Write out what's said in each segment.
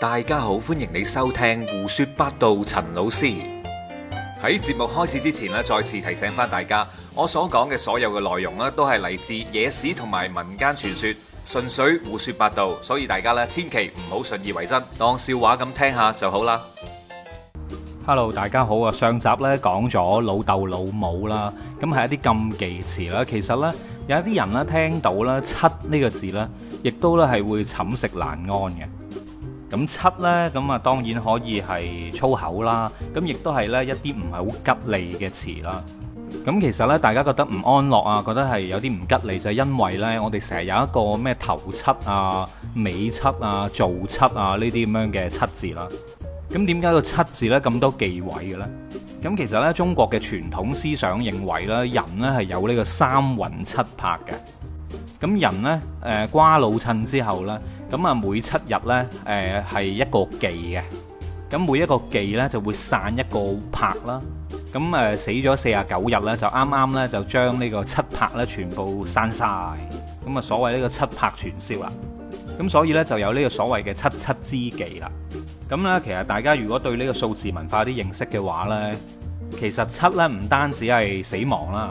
大家好，歡迎你收聽胡說八道。陳老師喺節目開始之前呢，再次提醒翻大家，我所講嘅所有嘅內容呢，都係嚟自野史同埋民間傳說，純粹胡說八道，所以大家呢千祈唔好信以為真，當笑話咁聽下就好啦。Hello，大家好啊！上集呢講咗老豆老母啦，咁係一啲禁忌詞啦。其實呢，有一啲人呢聽到七呢個字呢，亦都呢係會寢食難安嘅。咁七呢，咁啊當然可以係粗口啦，咁亦都係呢一啲唔係好吉利嘅詞啦。咁其實呢，大家覺得唔安樂啊，覺得係有啲唔吉利就係因為呢，我哋成日有一個咩頭七啊、尾七啊、造七啊呢啲咁樣嘅七字啦。咁點解個七字呢咁多忌諱嘅咧？咁其實呢，中國嘅傳統思想認為呢，人呢係有呢個三魂七魄嘅。咁人呢，誒瓜老襯之後呢，咁、呃、啊、呃呃呃、每七日呢係、呃、一個忌嘅，咁每一個忌呢，就會散一個拍啦，咁、呃、誒死咗四十九日呢，就啱啱呢，就將呢個七拍呢全部散晒。咁啊所謂呢個七拍全消啦，咁所以呢，就有呢個所謂嘅七七之忌啦，咁呢，其實大家如果對呢個數字文化有啲認識嘅話呢，其實七呢唔單止係死亡啦。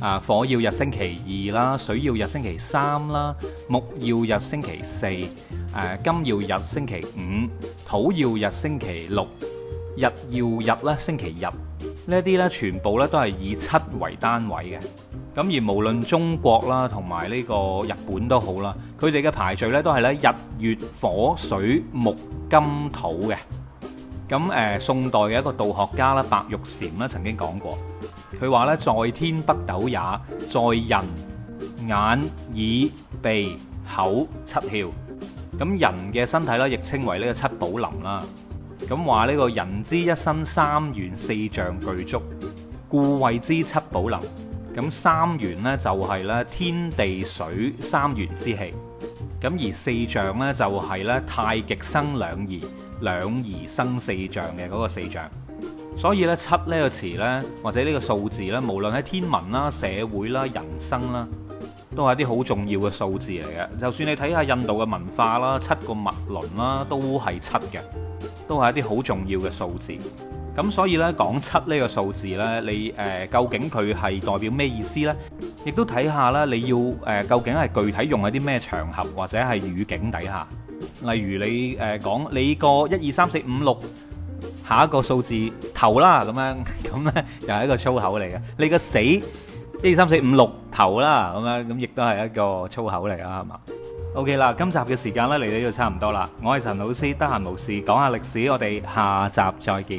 啊火曜日星期二啦，水曜日星期三啦，木曜日星期四，誒金曜日星期五，土曜日星期六，日曜日咧星期日呢啲咧，這些全部咧都係以七為單位嘅。咁而無論中國啦，同埋呢個日本都好啦，佢哋嘅排序咧都係咧日月火水木金土嘅。咁誒宋代嘅一個道學家啦，白玉蟾咧曾經講過。佢話咧，在天不斗也，在人眼耳鼻口七竅。咁人嘅身體咧，亦稱為呢個七寶林啦。咁話呢個人之一身三元四象具足，故謂之七寶林。咁三元呢就係咧天地水三元之氣。咁而四象呢，就係咧太極生兩儀，兩儀生四象嘅嗰個四象。所以咧，七呢個詞呢，或者呢個數字呢，無論喺天文啦、社會啦、人生啦，都係一啲好重要嘅數字嚟嘅。就算你睇下印度嘅文化啦，七個脈輪啦，都係七嘅，都係一啲好重要嘅數字。咁所以呢，講七呢個數字呢，你、呃、究竟佢係代表咩意思呢？亦都睇下啦，你要、呃、究竟係具體用喺啲咩場合或者係語境底下。例如你講、呃、你個一二三四五六。下一個數字頭啦，咁樣咁咧又係一個粗口嚟嘅。你個死一二三四五六頭啦，咁樣咁亦都係一個粗口嚟啦，係嘛？OK 啦，今集嘅時間呢嚟到呢度差唔多啦。我係陳老師，得閒無事講下歷史，我哋下集再見。